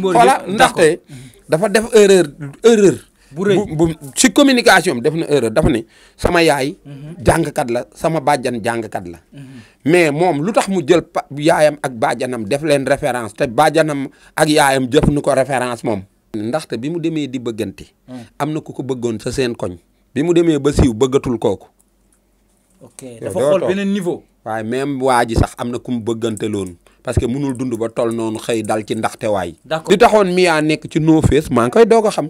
voilà ndaxte dafa def erreur erreur. bu rëy si communication def na erreur dafa ne sama yaay. Mhm. jàngkat la sama bàjjan jàngkat la. Mhm. mais moom lu tax mu jël yaayam ak bàjjanam def leen référence te bàjjanam ak yaayam jëf nu ko référence moom. ndaxte bi mu demee di bëggante. Hmm. am na ku ko bëggoon sa seen koñ. bi mu demee ba siiw bëggatul kooku. ok dafa xool beneen niveau. waaye même waa ji sax am na ku mu bëggante loon parce que mënul dundu ba toll noonu xay dal ci ndaxte waay di taxoon Mia nekk ci no face maa ngi koy doog a xam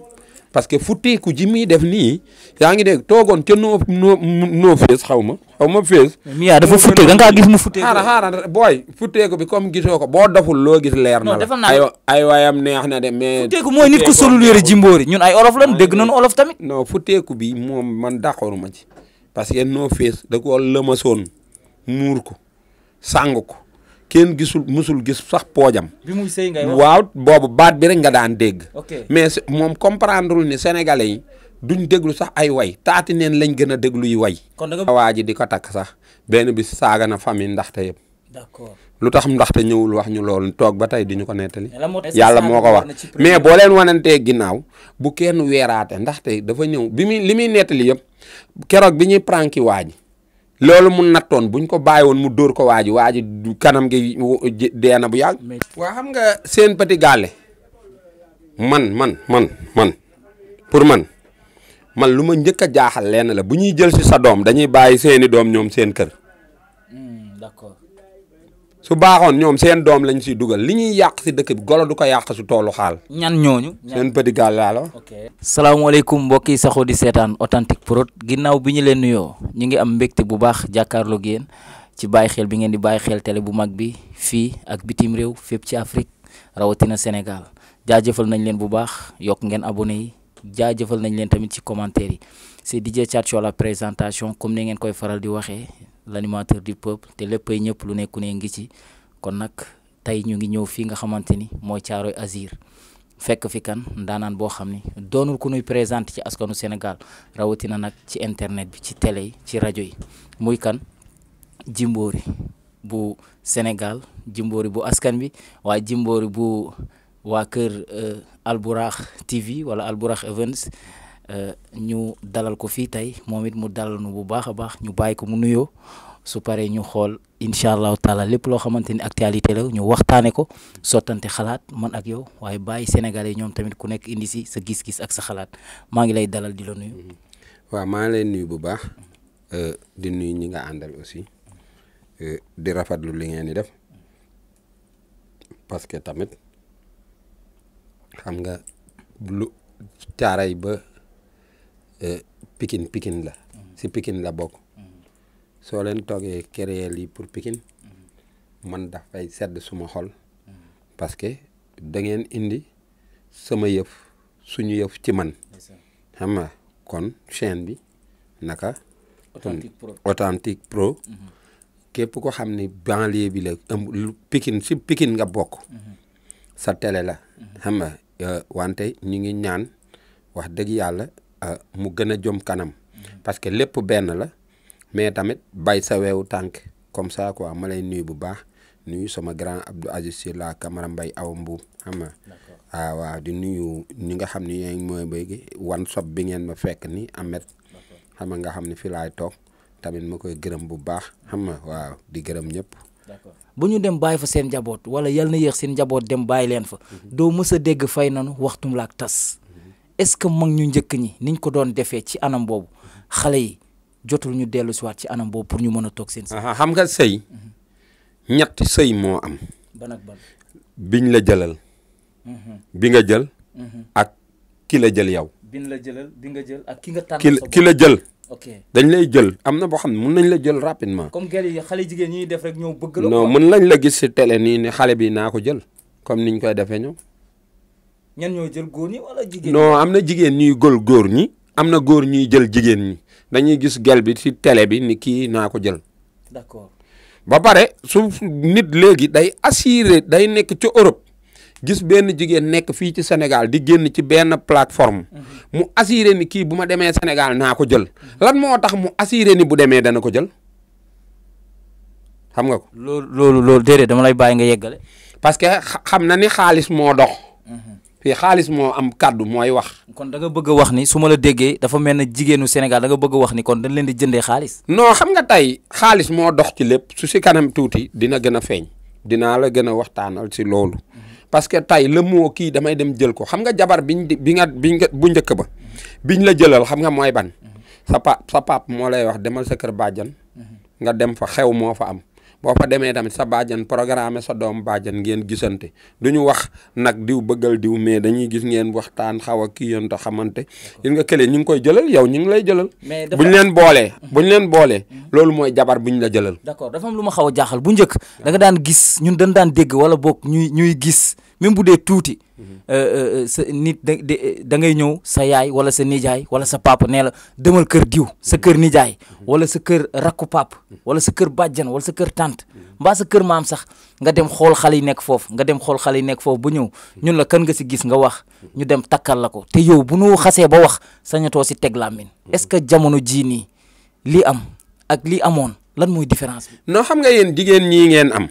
parce que fu ji mii def nii yaa ngi dégg toogoon ca no no no fees xaw ma xaw ma fees. Mia dafa futtee da gis mu futtee. xaaral xaaral bi comme gisoo ko boo doful loo gis leer na la. ay ay waayam neex na de mais. futteeku mooy nit ku solul yére jimboori ñun ay olof lan dégg nañu olof tamit. non futteeku bi moom man d'accord ma ci parce que noo fees da koo lëmasoon muur ko sàng ko. kenn gisul musul gis sax poojam. bi muy sëy ngay waaw boobu baat bi rek nga daan dégg. mais moom comprendrewul ni sénégalais yi duñ déglu sax ay way taati neen lañ gën a déglu yi way. kon danga waa ji di ko takk sax benn bi saaga na famille ndaxte yëpp. lu tax ndaxte ñëwul wax ñu loolu toog ba tey di ñu ko nettali. yàlla moo ko wax mais boo leen wanantee ginnaaw bu kenn weeraate ndaxte dafa ñëw bi muy li muy nettali yëpp keroog bi ñuy pranki waa ji loolu mu nattoon bu ñu ko bàyyi woon mu dóor ko waaju ji kanam gi dee na bu yàgg. waa xam nga seen petit man man man man pour man man lu ma njëkk a jaaxal lenn la bu ñuy jël si sa doom dañuy bàyyi seeni doom ñoom seen kër. Hmm, d'accord su baaxoon ñoom seen doom lañ siy dugal li ñuy yàq si dëkk bi golo du ko yàq si toolu xaal. ñan ñooñu. seen petit gaal laa la. ok salaamaaleykum mbokk yi saxoo di seetaan authentique prod ginnaaw bi ñu leen nuyoo ñu ngi am mbégte bu baax jàkkaarloo yéen ci bàyyi xel bi ngeen di bàyyi xel télé bu mag bi fii ak bitim réew fépp ci Afrique rawatina Sénégal jaajëfal nañ leen bu baax yokk ngeen abonné yi. jaajëfal nañ leen tamit ci commentaire yi c'est DJ Thiat Show la présentation comme ni ngeen koy faral di waxee l'animateur du peuple te léppay ñëpp lu nekku ne ngi ci kon nag tey ñu ngi ñëw fii nga xamante ni mooy Caaroy Azir fekk fi kan ndaanaan boo xam ni doonul ku nuy présenté ci askanu Sénégal rawatina nag ci internet bi ci télé yi ci rajo yi muy kan Djimbory bu Sénégal Djimbory bu askan bi waaye jimboori bu waa kër euh, Albourakh TV wala Albourakh Events Euh, ñu dalal ko fii tey moom it mu dalal nu bu baax a baax ñu bàyyi ko mu nuyoo su paree ñu xool incha allahu taala lépp loo xamante ni actualité la ñu waxtaane ko sottante xalaat man ak yow waaye bàyyi Sénégalais ñoom tamit ku nekk indi si sa gis-gis ak sa xalaat maa ngi lay dalal di la nuyu. Mm-hmm. waaw maa ngi lay nuyu bu baax euh, di nuyu ñi nga àndal aussi euh, di rafetlu li ngeen di def parce que tamit xam nga lu caaray ba. Euh, Pikine Pikine la mm-hmm. si Pikine la bokk mm-hmm. soo leen toogee créer lii pour pikin mm-hmm. man dafay sedd suma xol parce que da ngeen indi sama yëf suñu yëf ci man xam nga kon chaîne bi naka authentique pro képp ko xam ne banlieue bi la ëmb si Pikine nga bokk sa télé la xam nga euh, wante ñu ngi ñaan wax dëgg yàlla Euh, mu gën a jëm kanam parce que lépp benn la mais tamit bay sa weewu tànk comme ça quoi ma lay nuyu bu baax nuyu sama grand Abdou Aziz Sy la Camara mbay aw mbuub xam nga ah waaw di nuyu ñi nga xam ne yéen mooy béygi wan sob bi ngeen ma fekk ni amet xam nga xam ne fi laay toog tamit ma koy gërëm bu baax xam nga waaw di gërëm ñëpp d'accord bu ñu dem bàyyi fa seen njaboot wala yal na yéex seen njaboot dem bàyyi leen fa mhm. doo mës a dégg fay nanu waxtum laak tas est-ce que mag ñu njëkk ñi niñ ko doon defee ci anam boobu xale yi jotul ñu dellu si ci anam boobu pour ñu mën a toog seen. xam nga sëy ñetti sëy moo am. ban la jëlal. Mhm. bi nga jël. Mhm. ak ki la jël yow. biñ la jëlal bi nga jël ak ki nga tànn ki la jël. ok dañ lay jël am na boo xam ne mun nañ la jël rapidement. comme gel yi xale jigéen ñi def rek ñoo bëgg la. non mun lañ la gis si télé nii ne xale bii naa ko jël comme niñ koy defee ñëw ñan ñoo jël góor ñi wala jigéen non am na jigéen ñuy gël góor ñi am na góor ñuy jël jigéen ñi dañuy gis gel bi ci tele bi ni kii naa ko jël d'accord ba pare su nit léegi day assuré day nekk ci Europe gis benn jigéen nekk fii ci senegal di génn ci benn plateforme mhm. mu assuré ni kii bu ma demee Sénégal naa ko jël mhm. lan moo tax mu assuré ni bu demee dana ko jël xam nga ko loolu loolu loolu déedéet dama lay bàyyi nga yeggale parce que xam na ni xaalis moo dox fii xaalis moo am kàddu mooy wax. kon da nga bëgg a wax ni su ma la déggee dafa mel ne jigéenu Sénégal da nga bëgg wax ni kon dañ leen di jëndee xaalis. noo xam nga tey xaalis moo dox ci lépp su si kanam tuuti dina gën a feeñ dinaa la gën a waxtaanal si loolu parce que tey le mot kii damay dem jël ko xam nga jabar bi nga biñ bu njëkk ba biñ la jëlal xam nga mooy ban sa pap sa pap moo lay wax demal sa kër bàjjan nga dem fa xew moo fa am boo fa demee tamit sa bàjjan programme sa doom bàjjan ngeen gisante du ñu wax nag diw bëggal diw mais dañuy gis ngeen waxtaan xaw a kii yoon te xamante gis nga kële ñu ngi koy jëlal yow ñu ngi lay jëlal buñ leen boolee ñu leen boolee mm-hmm. loolu mooy jabar buñ la jëlal d'accord dafa lu ma xaw a jaaxal bu njëkk danga daan gis ñu dañ daan dégg wala boog ñuy ñuy gis même bu dee tuuti mhm. euh, euh, euh, sa nit da da ngay ñëw sa yaay wala sa nijaay wala sa papa nee la demal kër diw sa mhm. kër nijaay mhm. wala sa kër rakku pap wala sa kër bàjjan wala sa kër tànt mbaa sa kër maam sax nga dem xool xale yi nekk foofu nga dem xool xale yi nekk foofu ba ñëw ñun la kan nga si gis nga wax ñu dem takkal la ko te yow bu nu xasee ba wax sañatoo si teg làmmiñ est-ce que jamono jii nii lii am ak lii amoon lan mooy différence bi. noo xam nga yéen jigéen ñii ngeen am.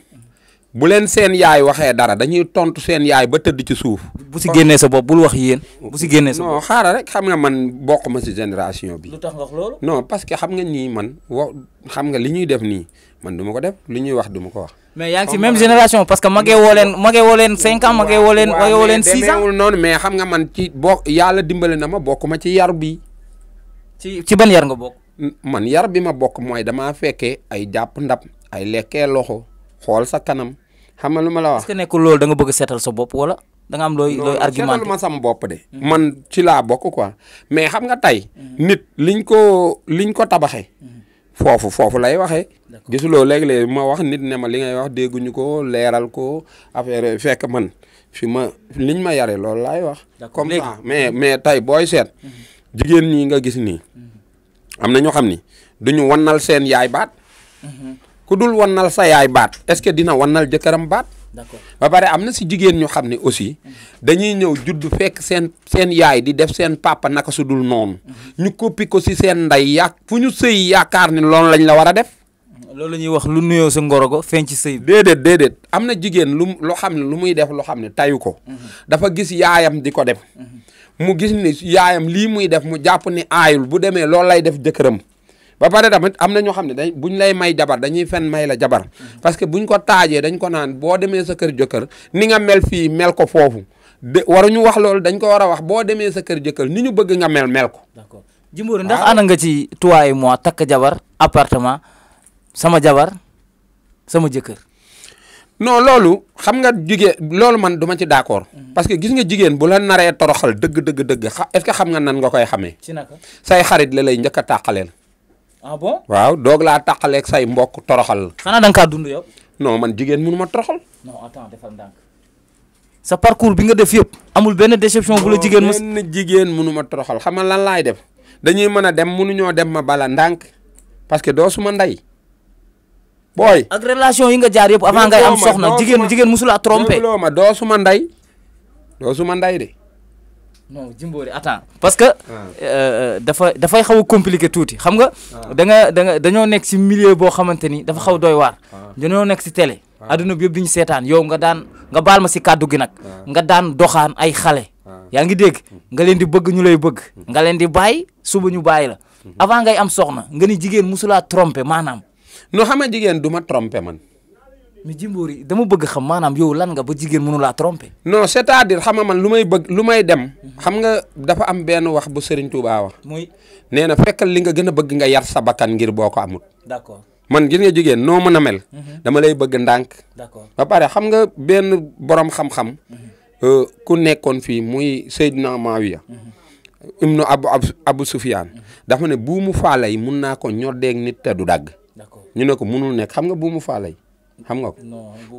bu leen seen yaay waxee dara dañuy tontu seen yaay ba tëdd ci suuf. bu si génnee sa bopp bul wax yéen. bu si génnee sa bopp non xaaral rek xam nga man bokk ma si génération bi. lu tax nga wax loolu. non parce que xam nga nii man wa xam nga li ñuy def nii man du ma ko def li ñuy wax du ma ko wax. mais yaa ngi si même génération parce que magee woo leen magee woo leen 5 ans magee woo leen. magee woo leen 6 ans noonu mais xam nga man ci bokk yàlla dimbale na ma bokk ma ci yar bi ci ci ban yar nga bokk. man yar bi ma bokk mooy damaa fekkee ay jàpp ndab ay lekkee loxo. xool sa kanam xam nga lu ma la wax. est-ce loolu da nga bëgg seetal sa bopp wala. danga am looy looy argument ma sama bopp de. Hmm. man ci laa bokk quoi mais xam nga tey. Hmm. nit liñ ko liñ ko tabaxee. Hmm. foofu foofu lay waxee. gisuloo léeg-léeg ma wax nit ne ma li ngay wax dégguñu ko leeral ko affaire fekk man fi ma liñ ma yare loolu laay wax. comme ça mais mais tey booy seet. jigéen ñi nga gis nii. am na ñoo xam ni duñu wannal seen yaay baat. ku dul wannal sa yaay baat est-ce que dina wannal jëkkëram baat. ba pare am na si jigéen ñu xam ne aussi dañuy ñëw judd fekk seen seen yaay di def seen pàppa naka su dul noonu. Mhm. ñu koppi ko si seen ndey yàq fu ñu sëy yaakaar ni loolu lañ la war a def. loolu la ñuy wax lu nuyoo sa ngorogo feeñ ci sëy déedéet déedéet am na jigéen lu loo xam ne lu muy def loo xam ne tayu ko. Mhm. dafa gis yaayam di ko def. Mhm. mu gis ni yaayam lii muy def mu jàpp ni aayul bu demee loolu lay def jëkkëram. ba pare tamit am na ñoo xam ne dañ ñu lay may jabar dañuy fen may la jabar mm-hmm. parce que bu ñu ko taajee dañ ko naan boo demee sa kër jëkkër ni nga mel fii mel ko foofu de waruñu wax loolu dañ ko war a wax boo demee sa kër jëkkër ni ñu bëgg nga mel mel ko. d'accord Jimbori ndax ana nga ci tuwaay mois takk jabar appartement sama jabar sama jëkkër. non loolu xam nga jigéen loolu man duma ci d'accord mm-hmm. parce que gis nga jigéen bu la naree toroxal dëgg dëgg dëgg est-ce que xam nga nan nga koy xamee. ci naka say xarit la lay njëkk a tàqaleel ah waaw doog laa taqaleeg say mbokk toroxal. xanaa da nga kaa dund yow. man jigéen mënu ma toroxal. non attends sa parcours bi nga def yëpp. amul benn déception bu la jigéen mos jigéen mënu ma toroxal xam lan laay def dañuy mën a dem ñoo dem ma bala ndànk parce que doo suma ndey. booy ak relation yi nga jaar yëpp avant ngay am soxna jigéen jigéen mosul a trompé. doo suma ndey doo suma ndey de. non Jimbori attends parce que. Ah. Euh, dafa dafay xaw a compliqué tuuti xam nga. Ah. da nga da dañoo nekk si milieu boo xamante ni dafa xaw doy waar. Ah. dañoo nekk si télé. adduna bi yëpp di ñu seetaan yow nga daan nga baal ma si kàddu gi nag. nga daan doxaan ay xale. yaa ngi dégg hmm. nga leen di bëgg ñu lay bëgg. Hmm. nga leen di bàyyi suba ñu bàyyi la. Hmm. avant ngay am soxna nga ni jigéen musulaa trompé maanaam. noo xam ne jigéen du ma trompé man. mais yi dama bëgg xam maanaam yow lan nga ba jigéen munu laa tromper. non cest a dire xam nga man lu may bëgg lu may dem. xam nga dafa am benn wax bu Serigne Touba wax. muy nee na fekkal li nga gën a bëgg nga yar sa bakkan ngir boo ko amul. d'accord man gis jigéen noo mën a mel. Mhm. dama lay bëgg ndànk. d'accord ba pare xam nga benn borom xam euh, ku nekkoon fii muy Seydina Maawiya. Mhm. Ibnu Abu Abu Sufyaan. Mhm. dafa ne buumu faalay mun naa ko ñor deeg nit te du dagg. ñu ne ko munul nekk xam nga buumu faalay. xam nga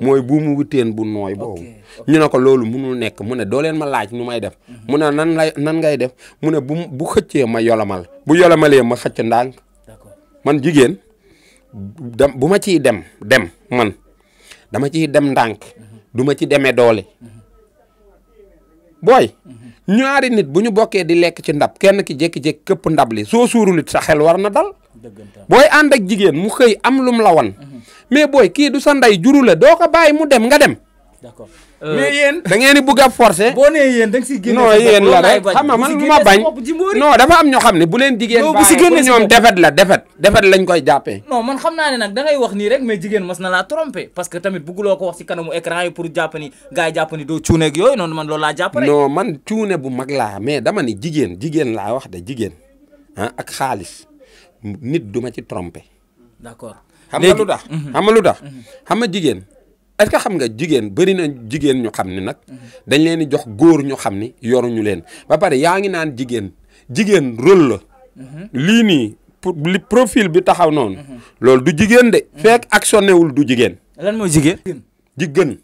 mooy buumu wuteen bu nooy boobu ñu ne ko loolu munul nekk mu ne doo ma laaj nu may def mhm. mu ne nan lay nan ngay def mu ne bu bu xëccee ma yolomal bu yolamalee ma xëcc ndànk man jigéen da bu ma ciy dem dem man dama ciy dem ndànk mhm. du ma ci demee doole mhm. booy ñaari nit bu ñu bokkee di lekk ci ndab kenn ki jékki-jékki këpp ndab li soo suurulit sa xel war na dal booy ànd ak jigéen mu xëy am lum la wan mhm. mais booy kii du sa ndey juru la doo ko bàyyi mu dem nga dem. d'accord euh, mais yéen da ngeen bugg a forcer. boo nee yéen da nga siy génne non yéen la rek xam nga man lu ma bañ. non dafa am ñoo xam ne bu leen jigéen. non si génne si ñoom defet la defet defet lañ koy jàppee. non man naa ne nag da ngay wax nii rek mais jigéen mas na laa trompé parce que tamit bugguloo ko wax si kanamu écran yi pour jàpp ni gars yi jàpp ni doo cuune ak yooyu noonu man bu mag laa mais dama ni jigéen jigéen laa wax da jigéen ah ak xaalis nit du ma ci trompé. d'accord mhm. Mhm. xam nga lu tax xam nga jigéen est-ce que xam nga jigéen bëri na jigéen ñu xam ni nag mhm. dañ leen di jox góor ñu xam ni yoruñu leen ba pare yaa ngi naan jigéen jigéen rôle la lii nii li profil bi taxaw noonu loolu du jigéen de fekk ak wul du jigéen lan mooy jigéen jigéen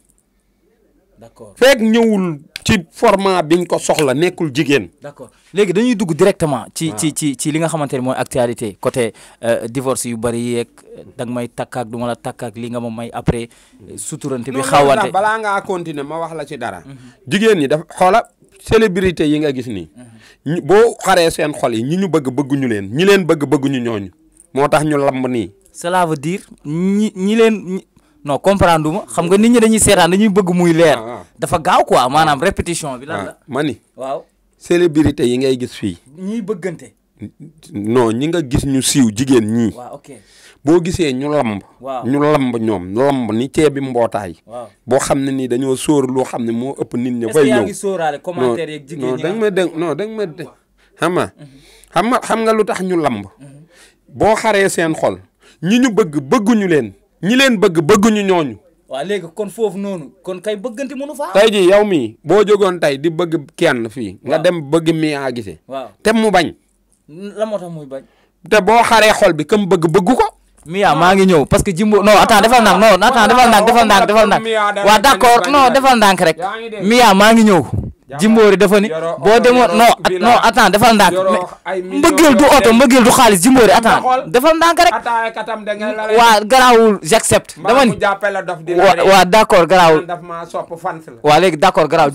d'accord fekk ñëwul ci format biñ ko soxla nekkul jigéen. d'accord léegi dañuy dugg directement. ci ci ci ci li nga xamante ne mooy actualité côté euh, divorce yu bëri yeeg danga may takkaak du ma la takkaak li nga ma may après. Euh, suturante bi xawante balaa ngaa continuer ma wax la ci dara. Mhm. jigéen ñi dafa xoola célébrité yi nga gis nii. Mhm. boo xaree seen xol yi ñu ñu bëgg bëgguñu leen ñi leen bëgg bëgguñu ñooñu moo tax ñu lamb nii. cela veut dire ñi ñi leen. non comprendre duma xam nga nit ñi dañuy seetaan dañuy bëgg muy leer. Ah, ah. dafa gaaw quoi maanaam répétition bi lan ah, la. mani waaw célébrité yi ngay gis fii. ñiy bëggante. non ñi nga gis ñu siiw jigéen ñii. waaw ok boo gisee ñu lamb. ñu lamb ñoom lamb ni ceebi mbootaay. waaw boo xam ne nii dañoo sóor loo xam ne moo ëpp nit ñi. fay ñëw est-ce que yaa ngi sóoraale commentaire yeeg jigéen ñi non non da nga ma non da nga ma dégg mm-hmm. xam nga xam nga xam nga lu tax ñu lamb. Mm-hmm. boo xaree seen xol ñi ñu bëgg bëgguñu leen. ñi leen bëgg bëgguñu ñooñu. waaw léegi kon foofu noonu kon kay bëgganti mënu faa. tey ji yow mii boo jogoon tey di bëgg kenn fii. nga dem bëgg mii a gisee. te mu bañ. la te boo xaree xol bi kam bëgg bëggu ko. Mia maa ngi ñëw parce que Jimbo non attends defal ndànk non attends defal ndànk defal ndànk defal ndànk defal ndànk rek Mia maa ngi ñëw. Jimbori dafa ni boo demoon non non attends defal ndànk mbëggeel du oto mbëggeel du xaalis Jimbori attends defal ndànk rek waa garaawul j'accepte dama ni waa d'accord garaawul waa léegi d'accord garaawul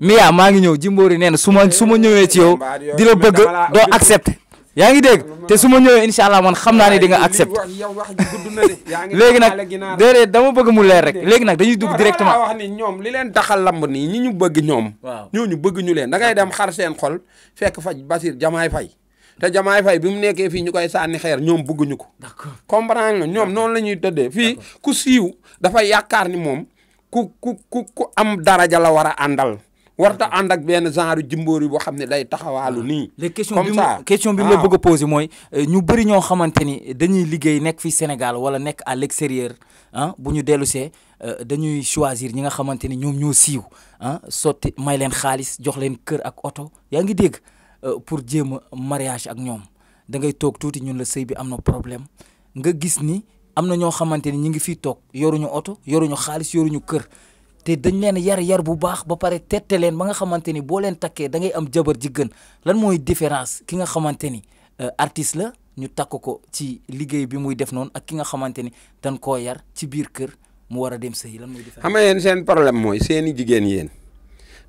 Mia maa ngi ñëw Jimbori nee na su ma su ma ñëwee ci yow di la bëgg doo accepté yaa ngi dégg te suma ma ñëwee incha allah man xam naa ne di nga accepté léegi nag déedéet dama bëgg mu leer rek léegi nag dañuy dugg directement. wax ni ñoom li leen taxal lamb nii ñi ñu bëgg ñoom. waaw ñu bëgg ñu leen da ngay dem xar seen xol fekk faj Basir Jamaay Fay te Jamaay Fay bi mu nekkee fii ñu koy sànni xeer ñoom bëgguñu ko. d'accord comprendre nga ñoom noonu la ñuy tëddee. fii ku siiw dafay yaakaar ni moom ku ku ku ku am daraja la war a àndal. warta ànd ak benn genre jimboor yi boo xam ne day taxawaalu ah. nii. comme ça question bi ma ah. bëgg a posé mooy euh, ñu bëri ñoo xamante ni dañuy liggéey nekk fi Sénégal wala nekk à l'extérieur ah bu ñu dellusee euh, dañuy choisir ñi nga xamante ni ñoom ñoo siiw ah sotti may leen xaalis jox leen kër ak oto yaa ngi dégg euh, pour jéem a mariage ak ñoom da ngay toog tuuti ñun la sëy bi am na problème nga gis ni am na ñoo xamante ni ñi ngi fi toog yoruñu oto yoruñu xaalis yoruñu kër. te dañ leen yar yar bu baax ba pare tette leen ba nga xamante ni boo leen takkee da am jabar ji lan mooy différence ki nga xamante ni euh, artiste la ñu takk ko ci liggéey bi muy def noonu ak ki nga xamante ni dañ koo yar ci biir kër mu war a dem sëy lan mooy différence. xam nga yéen seen problème mooy seen jigéen yéen.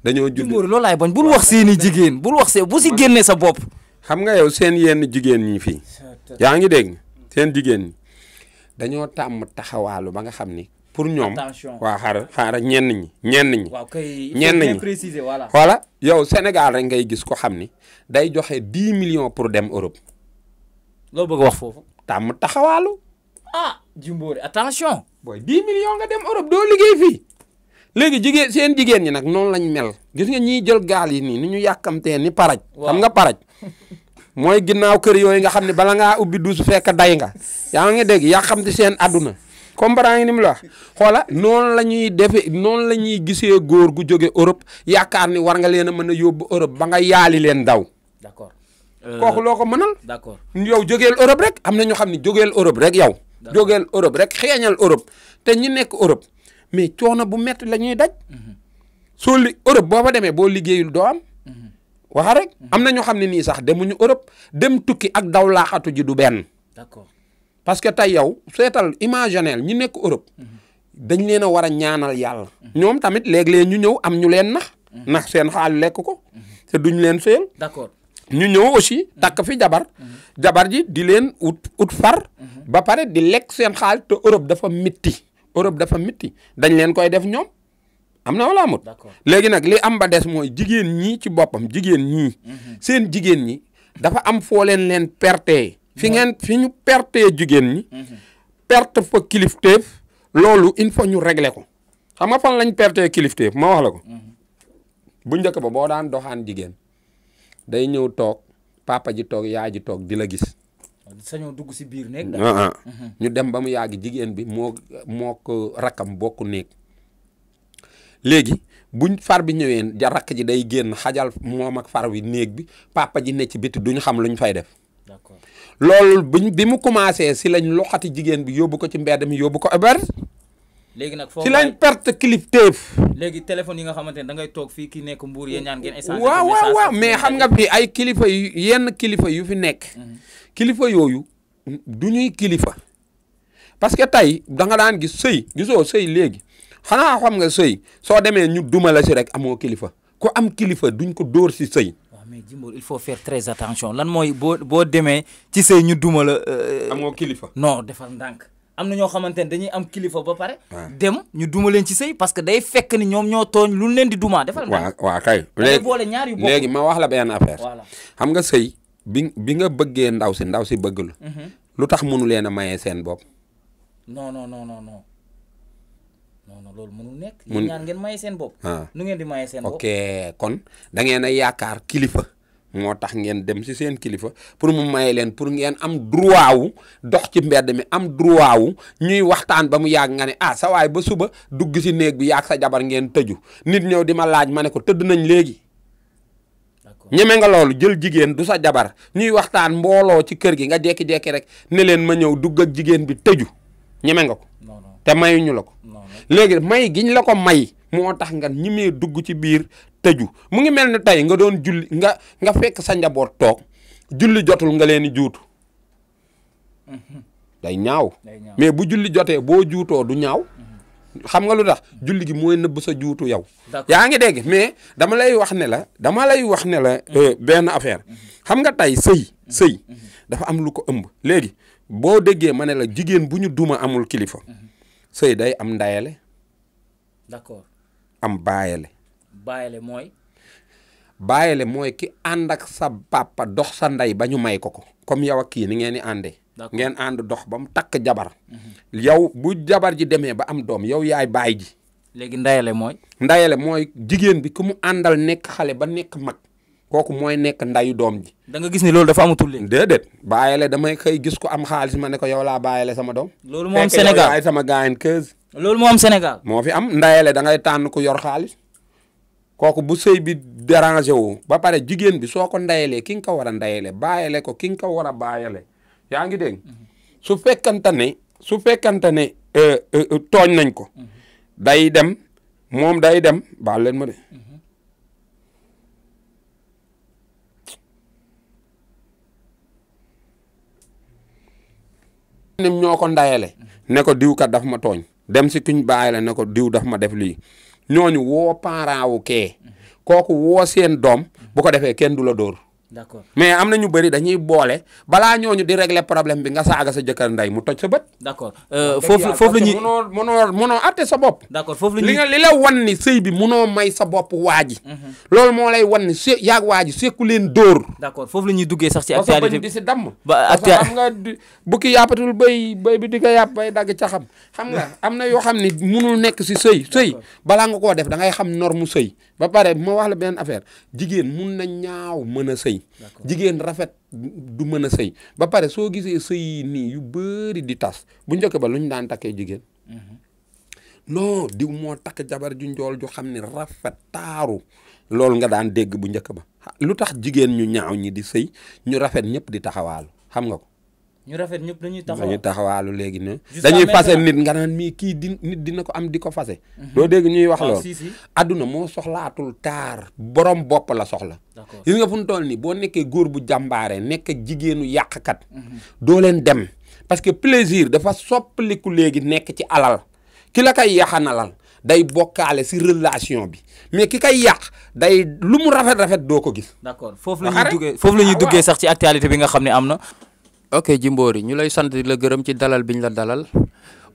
dañoo judd loolu laay bañ wax seen i jigéen bul wax see bu si génnee sa bopp. xam nga yow seen yenn jigéen ñi fi yaa ngi dégg seen jigéen ñi dañoo tàmm taxawaalu ba nga xam ni. pour ñoom waaw xaaral xaaral ñenn ñi ñenn ñi. ñenn ñi préciser voilà. voilà yow Sénégal rek ngay gis ko xam ni day joxe dix million pour dem Europe. loo bëgg wax foofu. tàmm taxawaalu. ah Jimbori attention. booy dix dem Europe doo liggéey fii. léegi jigéen seen jigéen ñi nag noonu lañ mel gis nga ñiy jël gaal yi nii ni ñu yàkkamtee ni paraj. xam nga paraj. mooy ginnaaw kër yooyu nga xam ne bala ngaa ubbi duus fekk day nga. yaa ngi dégg ti seen àdduna. comme nga ni mu la wax xoola noonu la ñuy defee noonu la ñuy gisee góor gu jóge Europe yaakaar ni war nga leen a mën a yóbbu Europe ba nga yaali leen daw. d'accord euh, kooku loo ko mënal. d'accord yow jógeel Europe rek am na ñoo xam ne jógeel Europe rek yow. jógeel Europe rek xeeñal Europe te ñi nekk Europe mais coono bu metti la ñuy daj. Mhm. soo li Europe boo fa demee boo liggéeyul doo am. Mhm. rek mhm. am na ñoo xam ne nii sax demuñu Europe dem tukki ak daw laaxatu ji du benn. d'accord parce que tey yow seetal imaginel ñi nekk Europe mhm. dañ leen a war a ñaanal yàlla. ñoom tamit léeg-léeg ñu ñëw am ñu leen nax. Mhm. nax seen xaal lekk ko. Mhm. te duñ leen seel. d'accord ñu ñëw aussi takk fi jabar. jabar ji di leen ut ut far. ba pare di lekk seen xaal te Europe dafa mitti Europe dafa mitti dañ leen koy def ñoom am na wala amut. léegi nag li am ba des mooy jigéen ñi ci boppam jigéen ñii. seen jigéen ñi dafa am foo leen perte. fi ngeen fi ñu perte jigéen ñi. Mhm. perte fa kilifteef loolu il faut ñu régler ko xam nga fan lañ perte kilifteef ma wax la ko. Mhm. bu njëkk ba boo daan doxaan jigéen day ñëw toog papa ji toog yaay ji toog di la gis. sañoo dugg si biir néeg ah, ah. Mhm. ñu dem ba mu yàgg jigéen bi moo moo ko rakkam bokk néeg léegi buñ far bi ñëwee ja rakk ji day génn xajal moom ak far bi néeg bi papa ji ne ci biti duñu xam lu ñu fay def. d'accord loolu buñ bi mu commencé si lañ loxoti jigéen bi yóbbu ko ci mbedd mi yóbbu ko Uber. léegi nag foofu si lañ perte kilifteef. léegi téléphone yi nga xamante ne da toog fii ki nekk mbuur ñaan ngeen. échange waaw waaw waaw mais xam nga fi ay kilifa yenn kilifa yu fi nekk. Mhm. kilifa yooyu du ñuy kilifa. parce que tey da nga daan gis sëy gisoo sëy léegi xanaa xam nga sëy soo demee ñu duma la si rek amoo kilifa ku am kilifa duñ ko dóor si sëy. mais Jimbo il faut faire très attention lan mooy boo boo demee ci sëy ñu duma la. Euh, amoo kilifa. non defal ndànk am na ñoo xamante ne dañuy am kilifa ba pare. dem ñu duma leen ci sëy parce que day fekk ni ñoom ñoo tooñ lu leen di dumaa defal ndànk waaw waaw kay. léegi boole ñaar léegi ma wax la benn affaire. xam nga sëy bi bi nga bëggee ndaw si ndaw si bëgg la. Mhm. lu tax mënu leen a maye seen bopp. non non loolu mënul nekk. mun ñaan ngeen maye seen bopp. Ah. nu ngeen di maye ok kon dangeen ngeen a yaakaar kilifa moo tax ngeen dem ci seen kilifa pour mu maye leen pour ngeen am droit dox ci mbedd mi am droit ñuy waxtaan ba mu yàgg nga ne ah sa waay ba suba dugg si néeg bi yàgg sa jabar ngeen tëju nit ñëw di ma laaj ma ne ko tëdd nañ léegi. ñeme nga loolu jël jigéen du sa jabar ñuy waxtaan mbooloo ci kër gi nga jekki-jekki rek ne leen ma ñëw dugg ak jigéen bi tëju ñeme nga ko. te mayuñu la ko. léegi may giñ la ko may moo tax nga ñimee dugg ci biir tëju mu ngi mel ni tey nga doon julli nga nga fekk sa njaboot toog julli jotul nga leen di juutu. Mhm. day ñaaw mais bu julli jotee boo juutoo du ñaaw. Mhm. xam nga lu tax julli gi mooy nëbb sa juutu yow. yaa ngi dégg mais dama lay wax ne la dama lay wax ne la mhm. euh, benn affaire xam nga tey sëy sëy dafa am lu ko ëmb léegi boo déggee ma ne la jigéen bu ñu duma amul kilifa. sëy day am ndayale. d'accord am baayale. baayale mooy. baayale mooy ki ànd ak sa papa dox sa ndey ba ñu may ko ko comme yow ak kii ni ngeen di àndee. ngeen ànd dox ba mu takk jabar. yow bu jabar ji demee ba am doom yow yaay baay ji. léegi ndayale mooy. ndayale mooy jigéen bi ku mu àndal nekk xale ba nekk mag. kooku mooy nekk ndayu doom ji. da nga gis ni loolu dafa amatul léegi. déedéet bàyyile damay xëy gis ko am xaalis ma ne ko yow laa bàyyile sama doom. loolu moo am sama gaayen keuse. loolu moo am moo fi am ndayele da tànn ku yor xaalis kooku bu sëy bi dérangé wu ba pare jigéen bi soo ko ndayalee ki nga ko war a ndayele bàyyile ko ki nga ko war a bàyyile yaa ngi dégg mhm. su fekkante ne su fekkante ne euh, euh, euh, tooñ nañ ko mhm. day dem moom day dem baal leen ma de. Mhm. nim ñoo ko ndayale ne ko diw kat dafa ma tooñ dem si kuñ bàyyi la ne ko diw dafa ma def lii ñooñu woo parent wu kee kooku woo seen doom bu ko defee kenn du la dóor d'accord mais am na ñu bëri dañuy boole balaa ñooñu di régler problème bi nga saaga sa jëkkër ndey mu toj sa bët. d'accord foofu euh, foofu la ñuy munoo munoo munoo atte sa bopp. d'accord foofu la li nga li la wan ni sëy bi munoo may sa bopp waaji. Mhm. loolu moo lay wan ni sé yaag waaji sekku leen dóor. d'accord foofu la ñuy duggee sax ci actualité bi di si damm. ba actualité parce que xam nga bukki yàppatul bi di nga yàpp bay dagg caxam. xam nga am na yoo xam ni munul nekk si sëy sëy balaa nga koo def da ngay xam norme sëy ba pare moo wax la benn affaire jigéen mun na ñaaw mën a sëy jigéen rafet du mën a sëy ba pare soo gisee sëy nii yu bëri di tas bu njëkk ba lu ñu daan takkee jigéen mm-hmm. non diw moo takk jabar ju njool ju xam ni rafet taaru loolu nga daan dégg bu njëkk ba lu tax jigéen ñu ñaaw ñi di sëy ñu rafet ñëpp di taxawaalu xam nga ko ñu rafet ñëpp dañuy taxaw dañuy taxawaalu léegi na dañuy fase nit nga naan mii kii di nit dina ko am di ko fase mhm. doo dégg ñuy wax lool adduna moo soxlaatul taar borom bopp la soxla gis nga fu mu toll nii boo nekkee góor bu jàmbaare nekk jigéenu yàqkat mhm. doo leen dem parce que plaisir dafa soppaliku léegi nekk ci alal ki la koy yaxanalal day bokkaale si relation bi mais ki kay yàq day lu mu rafet rafet doo ko gis. d'accord foofu la ñuy duggee ah, foofu la ñuy duggee sax ci actualité bi nga xam ne am na. ok Djimbory ñu lay sant la gërëm ci dalal bi ñu la dalal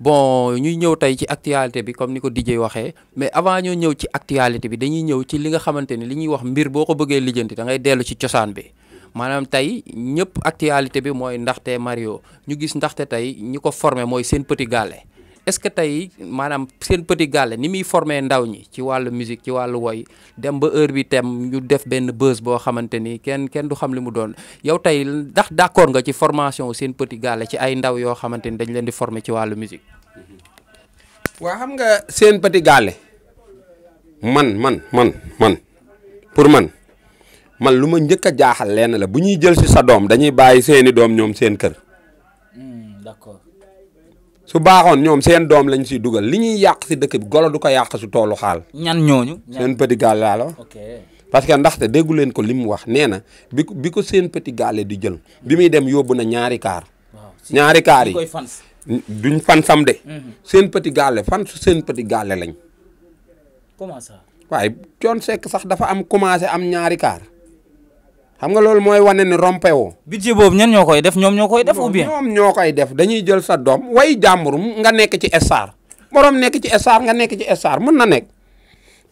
bon ñuy ñëw tey ci actualité bi comme ni ko DJ waxee mais avant ñoo ñëw ci actualité bi dañuy ñëw ci li nga xamante ni li ñuy wax mbir boo ko bëggee lijjanti dangay dellu ci cosaan bi maanaam tey ñëpp actualité bi mooy ndaxte Mario ñu gis ndaxte tey ñi ko formé mooy seen petit galle est que tey maanaam seen petit gàlle ni muy formé ndaw ñi ci wàllu musique ci wàllu woy dem ba heure bi tem ñu def benn buzz boo xamante ni kenn kenn du xam li mu doon yow tey ndax d'accord nga ci formation seen petit gàlle ci ay ndaw yoo xamante ni dañ leen di former ci wàllu musique. waa xam nga seen petit gàlle man man man man pour man man lu ma njëkk a jaaxal leen la bu ñuy jël si sa doom dañuy bàyyi seeni doom ñoom seen kër. su baaxoon ñoom seen doom lañ siy dugal li ñuy yàq si dëkk bi golo du ko yàq si toolu xaal. ñan ñooñu. seen petit gaal laa la parce que ndaxte déggu leen ko li mu wax nee na bi ko bi ko seen petit gaale du jël bi muy dem yóbbu na ñaari kaar. ñaari kaar yi duñ fansam de. Mhm. seen petit gaale fan su seen petit gaale lañ. comment waaye coon sekk sax dafa am commencé am ñaari kaar. xam nga loolu mooy wane ni rompé woo. budget boobu ñan ñoo koy def ñoom ñoo koy def. ou bien ñoo koy def dañuy jël sa doom way jàmbur nga nekk ci star borom nekk ci star nga nekk ci star mën na nekk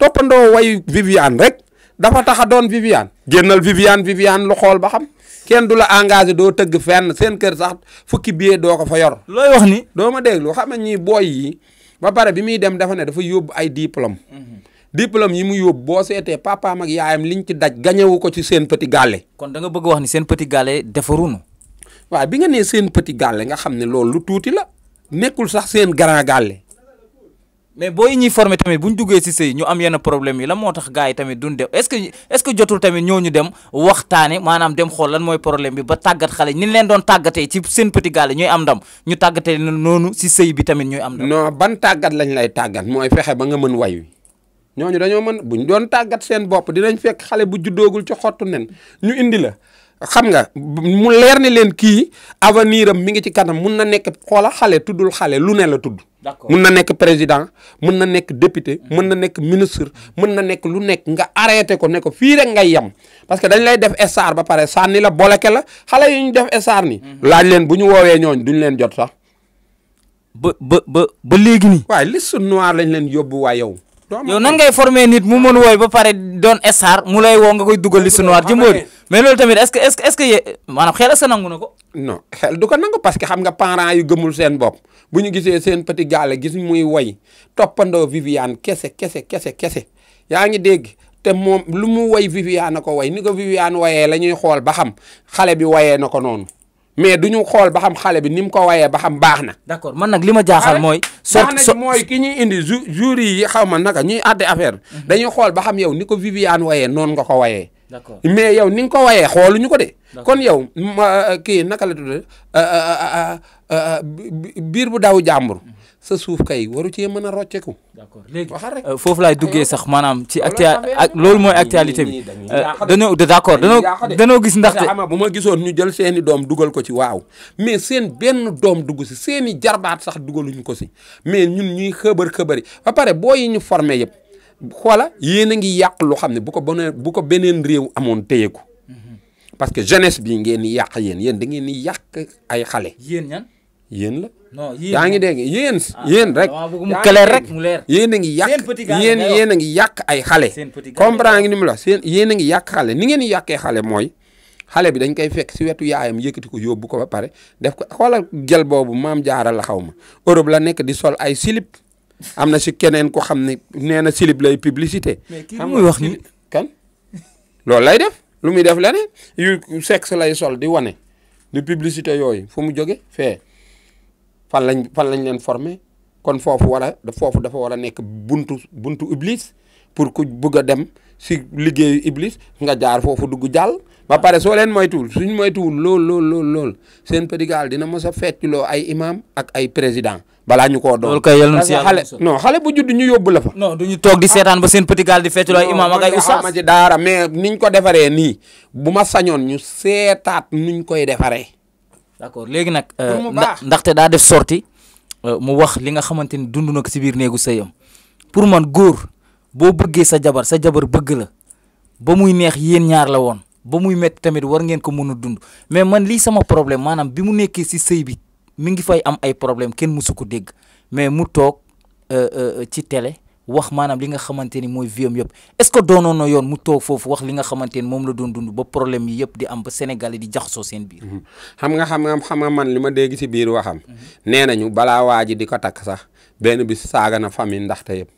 toppandoo way Viviane rek dafa tax a doon Viviane génnal Viviane Viviane lu xool ba xam. kenn du la engagé doo tëgg fenn seen kër sax fukki billet doo ko fa yor. looy wax ni. doo ma dégg lu xam ne ñii booy yi ba pare bi muy dem dafa ne dafa yóbbu ay diplôme. Mhm. diplôme yi mu yóbbu boo seetee papaam ak yaayam liñ ci daj gañewu ko ci seen petit gàlle. kon da nga bëgg wax ni seen petit gàlle defaruñu. waaw bi nga nee seen petit gàlle nga xam ne loolu lu tuuti la nekkul sax seen grand gàlle. mais boo yi ñuy formé tamit bu ñu duggee ci sëy ñu am yenn problème yi la moo tax gars yi tamit duñ dem est-ce que est-ce que jotul tamit ñooñu dem waxtaane maanaam dem xool lan mooy problème bi ba tàggat xale ni leen doon tàggatee ci seen petit gàlle ñooy am ndam ñu tàggatee noonu si sëy bi tamit ñooy am ndam. non ban tàggat lañ lay tàggat mooy fexe ba nga mën way wi ñooñu dañoo mën ñu doon tàggat seen bopp dinañ fekk xale bu juddoogul ci xottu nen ñu indi la xam nga mu leer ne leen kii avenir am mi ngi ci kanam mun na nekk xoola xale tuddul xale lu ne la tudd. d'accord mun na nekk président mun na nekk député. mun na nekk ministre mun na nekk lu nekk nga arrêté ko ne ko fii rek ngay yem. parce que dañ lay def star ba pare sànni la boleke la xale yi ñu def star ni mhm. laaj leen bu ñu woowee ñooñ duñ leen jot sax. ba ba ba ba lañ leen yóbbu waa yow. yow nan ngay former nit mu mën wooy ba pare doon star mu lay woo nga koy dugal li sunuwaat jëmboori mais loolu tamit est-ce que est-ce que est-ce que maanaam xel est-ce que nangu na ko non xel du ko nangu parce que xam nga parents yu gëmul seen bopp bu ñu gisee seen petit gaale gis muy woy toppandoo Viviane kese kese kese kese yaa ngi dégg te moom lu mu woy Viviane na ko woy ni ko Viviane woyee la ñuy xool ba xam xale bi woyee na ko noonu mais du ñu xool ba xam xale bi ni mu ko wayee ba xam baax na. d'accord man nag li ma jaaxal mooy. soo mooy ki ñuy indi ju yi xaw ma naka ñuy àtte affaire mhm. dañuy xool ba xam yow ni ko Viviane wayee noonu nga ko wayee. d'accord mais yow ni nga ko wayee xooluñu ko de. kon yow kii naka la tudd euh, euh, euh, biir bu daw jàmbur. Mhm. sa suuf kay waru cee mën a rocceeku. d'accord léegi euh, foofu laay duggee sax maanaam ci acta loolu mooy actualité bi euh, dañoo d'accord dañoo dañoo gis ndax ama bu ma gisoon ñu jël seeni doom dugal ko ci waaw mais seen benn doom dugg si seeni jarbaat sax dugaluñ ko si mais ñun ñuy xëbër xëbëri ba pare boo ñu formé yëpp xoola yéen a ngi yàq lu xam ne bu ko beneen bu ko beneen réew amoon téye ko mhm. parce que jeunesse bi ngeen di yàq yéen yéen da ngeen di yàq ay xale. yéen ñan. yéen la. non yaa ngi dégg yéen. Ah, yéen rek mu clair rek yéen a ngi yàq yéen yéen a ngi yàq ay xale. comprendre nga ni mu la seen yéen a ngi yàq xale ni ngeen di yàqee xale mooy. xale bi dañ koy fekk si wetu yaayam yëkkati ko yóbbu ko ba pare def ko xoolal jël boobu maam jaara la xaw ma Europe la nekk di sol ay slip am na si keneen ko xam ne nee na slip lay publicité. xam nga wax ni kan. loolu lay def lu muy def leneen yu sexe lay sol di wane di publicité yooyu fu mu jóge fee. fan lañ fan lañ leen formé kon foofu war a foofu dafa war a nekk buntu buntu iblis pour ku bëgg a dem si liggéey iblis nga jaar foofu dugg jàll. ba pare soo leen moytuwul suñ moytuwul lool lool lool lool seen pédigal dina mos a fecculoo ay imam ak ay président balaa ñu koo doon. loolu kay yal si xale non xale bu judd ñu yóbbu la fa. du ñu toog di ah. seetaan ba seen pédigal di fecculoo ay imam ak ay oustaz ma ci daara mais niñ ko defaree nii bu ma sañoon ñu seetaat nuñ koy defaree. d' accord léegi nag. Euh, ndaxte daa def sorti euh, mu wax li nga xamante ni dund na ko si biir néegu sëyam pour man góor boo bëggee sa jabar sa jabar bëgg la ba muy neex yéen ñaar la woon ba muy métti tamit war ngeen ko mën a dund mais man lii sama problème maanaam bi mu nekkee si sëy bi mi ngi fay am ay problème kenn mësu ko dégg mais mu toog euh, ci télé. wax maanaam li nga xamante ni mooy viam yëpp est-ce que doonoon na yoon mu toog foofu wax li nga xamante ni moom la doon dund ba problème yi yëpp di am ba Sénégal di jaxasoo seen biir mhm. xam nga xam nga xam nga man li ma dégg ci biir waxam mhm. nee nañu balaa waa ji di ko takk sax benn bis saaga na famille ndaxte yëpp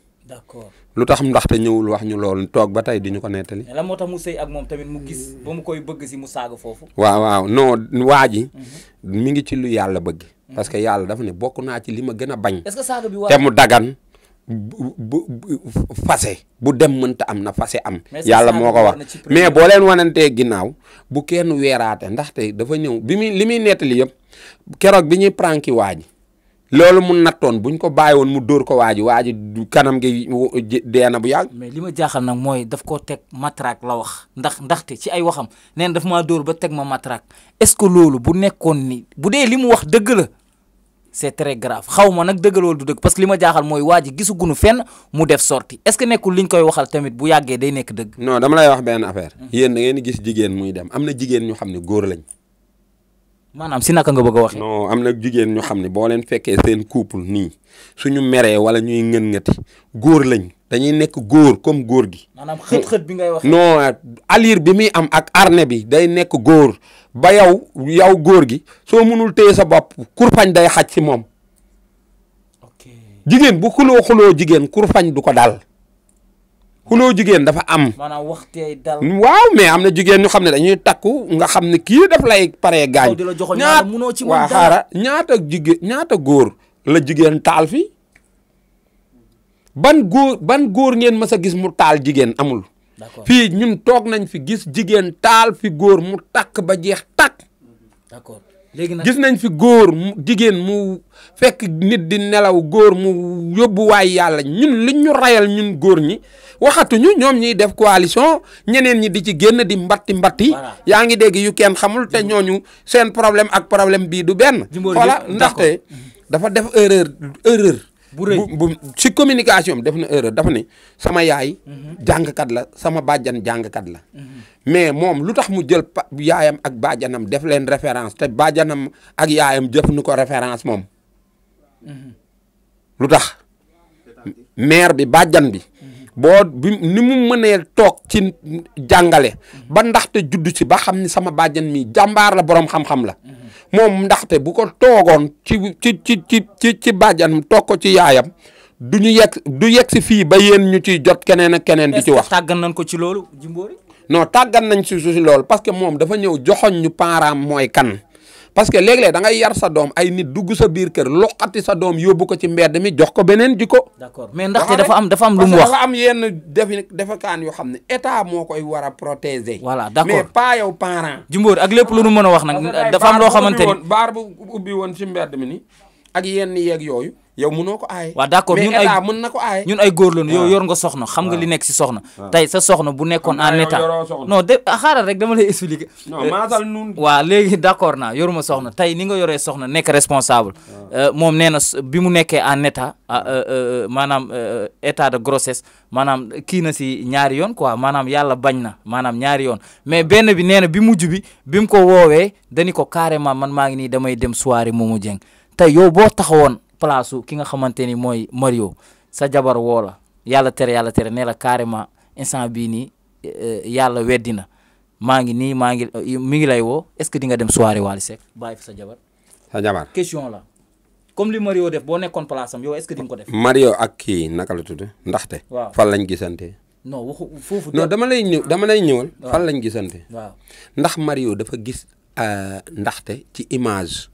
lu tax ndaxte ñëwul wax ñu loolu toog ba tey di ñu ko nettali. lan moo tax mu sëy ak moom tamit mu gis ba mu koy bëgg si mu saaga foofu. waaw waaw non waa ji. Mhm. mi ngi ci lu yàlla bëgg. parce que yàlla dafa ne bokk naa ci li ma gën a bañ. bu fase bu dem mënta am na fase am yàlla moo ko wax mais boo leen wanantee ginnaaw bu kenn weeraate ndaxte dafa ñëw bi muy li muy nettali yëpp keroog bi ñuy pranki waaji loolu mu nattoon buñ ko bàyyi woon mu dóor ko waaji waaji kanam gi deena bu yàgg mais li ma jaaxal nag mooy daf koo teg matraque la wax ndax ndaxte ci ay waxam neen daf maa dóor ba teg ma matraque est-ce que loolu bu nekkoon ni bu dee li mu wax dëgg la c'est très grave xaw ma nag dëggal wala du dëgg parce que li ma jaaxal mooy waa ji gisugunu fenn mu def sortie est-ce que nekkul liñ koy waxal tamit bu yàggee day nekk dëgg. non dama lay wax benn affaire. yéen da ngeen gis jigéen muy dem am na jigéen ñu xam ne góor lañ. maanaam si naka nga bëgg a waxee. non am na jigéen ñu xam ne boo leen fekkee seen couple nii suñu meree wala ñuy ngën ngati góor lañ. dañuy nekk góor comme góor gi. maanaam xët bi ngay wax. non alir bi muy am ak arne bi day nekk góor ba yow yow góor gi soo mënul téye sa bopp kurfañ day xaj si moom. ok jigéen bu xuloo xuloo jigéen kurfañ du ko dal. xuloo jigéen dafa am. maanaam waxtee dal. waaw mais am na jigéen ñu xam ne dañuy takku nga xam ne kii daf lay paree gaañ. ñaata munoo ci waa xaara ñaata jigéen ñaata góor la jigéen taal fi. ban góor ban góor ngeen ma sa gis mu taal jigéen amul. fii ñun toog nañ fi gis jigéen taal fi góor mu takk ba jeex takk. d'accord léegi nag gis nañ fi góor mu jigéen mu fekk nit di nelaw góor mu yóbbu waay yàlla ñun li ñu reyal ñun góor ñi waxatuñu ñoom ñuy def coalition ñeneen ñi di ci génn di mbatti mbatti. yaa ngi dégg yu kenn xamul te ñooñu seen problème ak problème bii du benn. voilà ndaxte dafa def erreur erreur. bu rëy ci communication def na erreur dafa ne sama yaay. jàngkat la sama bàjjan jàngkat la. mais moom lu tax mu jël yaayam ak bàjjanam def leen référence te bàjjanam ak yaayam jëf nu ko référence moom. lu tax maire bi bàjjan bi. boo bi ni mu mënee toog ci jàngale. ba ndaxte judd ci ba xam ni sama bàjjan mi jàmbaar la borom xam-xam la. moom ndaxte bu ko toogoon ci ci ci ci ci ci bàjjanam toog ko ci yaayam du ñu yeg du yegg si fii ba yéen ñu ciy jot keneen keneen. di ci wax tàggan nañ ko ci loolu Jimbori. non tàggan nañ si si loolu parce que moom dafa ñëw joxoñ ñu parents mooy kan. parce que léeg da ngay yar sa doom ay nit dugg sa biir kër loqati sa doom yóbbu ko ci mbedd mi jox ko beneen jikko. d'accord mais ndaxte dafa am dafa am lu mu wax dafa am yenn defi defakaan yoo xam ne état moo koy war a protéger. voilà d'accord mais pas yow parent. Jimbori ak lépp lu nu mën a wax nag. dafa am loo xamante ni baar bu ubbi woon ci mbedd mi ni ak yenn yeeg yooyu. yow mënoo ko aaye. waaw d' accord ñun ay mën yow ah. yor nga soxna xam nga ah. li nekk si soxna. Ah. tey sa soxna bu nekkoon en état non a xaaral rek dama lay expliquer. non maasal nun waaw léegi d' accord naa yoruma soxna tey ni nga yoree soxna nekk responsable. Euh, moom nee na bi mu nekkee en neta euh, euh, maanaam état de grossesse maanaam kii na si ñaari yoon quoi maanaam yàlla bañ na maanaam ñaari yoon mais benn bi nee na bi mujj bi bi mu ko woowee dañu ko carrément man maa ngi nii damay dem soirée Momo Dieng tey yow boo taxawoon place ki nga xamante ni mooy Mario sa jabar woo la yàlla tere yàlla tere nee la carrément instant bii nii eh, yàlla weddi na maa ngi nii maa ngi eh, mu ngi lay woo est-ce que di nga dem soirée Wally Seck baay fa sa jabar. sa jabar question la comme li Mario def boo nekkoon place am yow est-ce que ko def. Mario ak kii naka la tudd ndaxte. waaw fan lañ gisante. no waxu foofu. non dama lay ñëw dama lay ñëwal. fan lañ gisante. waaw ndax Mario dafa gis eh, ndaxte ci image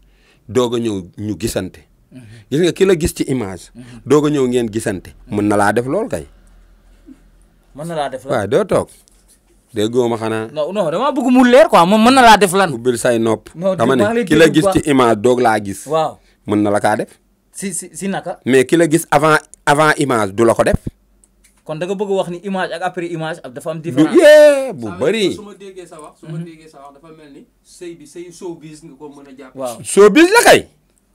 doog a ñëw ñu gisante. gis nga ki la gis ci image. doog a ñëw ngeen gisante. mën na laa def lool kay. mën na laa def a waaw doo ma xanaa. non non bëgg mu leer quoi moom mën na def lan. ubbil say nopp. dama ne ki la gis ci image doog laa gis. waaw mën na la kaa def. si si si naka. mais ki la gis avant avant image du la ko def. kon da nga bëgg wax ni image ak image dafa am différence. sa wax mhm. ni. sëy bi mën a jàpp. la kay.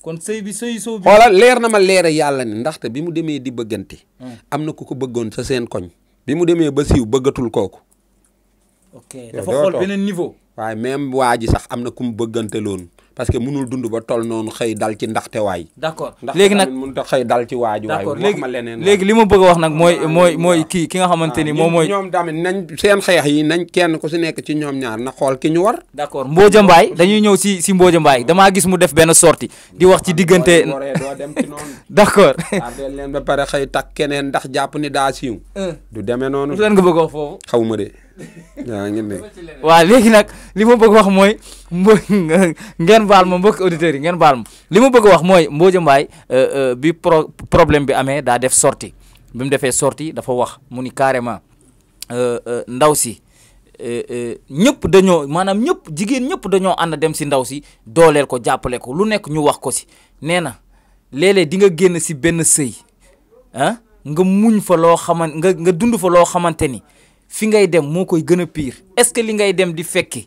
kon sëy bi sëy soo bi leer na ma leere yàlla ne ndaxte bi mu demee di bëggante hmm. am na ku ko bëggoon sa seen koñ bi mu demee ba siiw bëggatul kooku ok dafa xool beneen niveau waaye même waa ji sax am na ku mu bëggante loon parce que mënul dund ba toll noonu xëy dal ci ndaxte waay. d'accord léegi nag mënut a dal ci waaju waay. d'accord léegi léegi li ma bëgg a wax nag mooy ah, mooy mooy kii ki nga xamante ni ah, moom mooy. ñoom tamit nañ seen xeex yi nañ kenn ku si nekk ci ñoom ñaar na xool ki ñu war. d'accord Mbooja Mbaay dañuy ñëw si si Mbooja Mbaay damaa gis mu def benn sorti di wax ci ah, diggante. d'accord. leen ba pare xëy takk keneen ndax jàpp ni daa siiw. Euh. du demee noonu. lu leen nga bëgg a wax foofu. xaw ma de waaw léegi nag li ma bëgg wax mooy mbo ngeen baal ma mbokki auditeurs yi ngeen baal ma li ma bëgg wax mooy Mbodia Mbaye euh, euh, bi problème bi amee daa def sorti bi mu defee sorti dafa wax mu ni carrément euh, ndaw si ñëpp dañoo maanaam ñëpp jigéen ñëpp dañoo ànd dem si ndaw si dooleel ko jàppale ko lu nekk ñu wax ko si nee na léeg-léeg di nga génn si benn sëy ah nga muñ fa loo xamante nga nga dund fa loo xamante ni fi ngay dem moo koy gën a pire est-ce que li ngay dem di fekki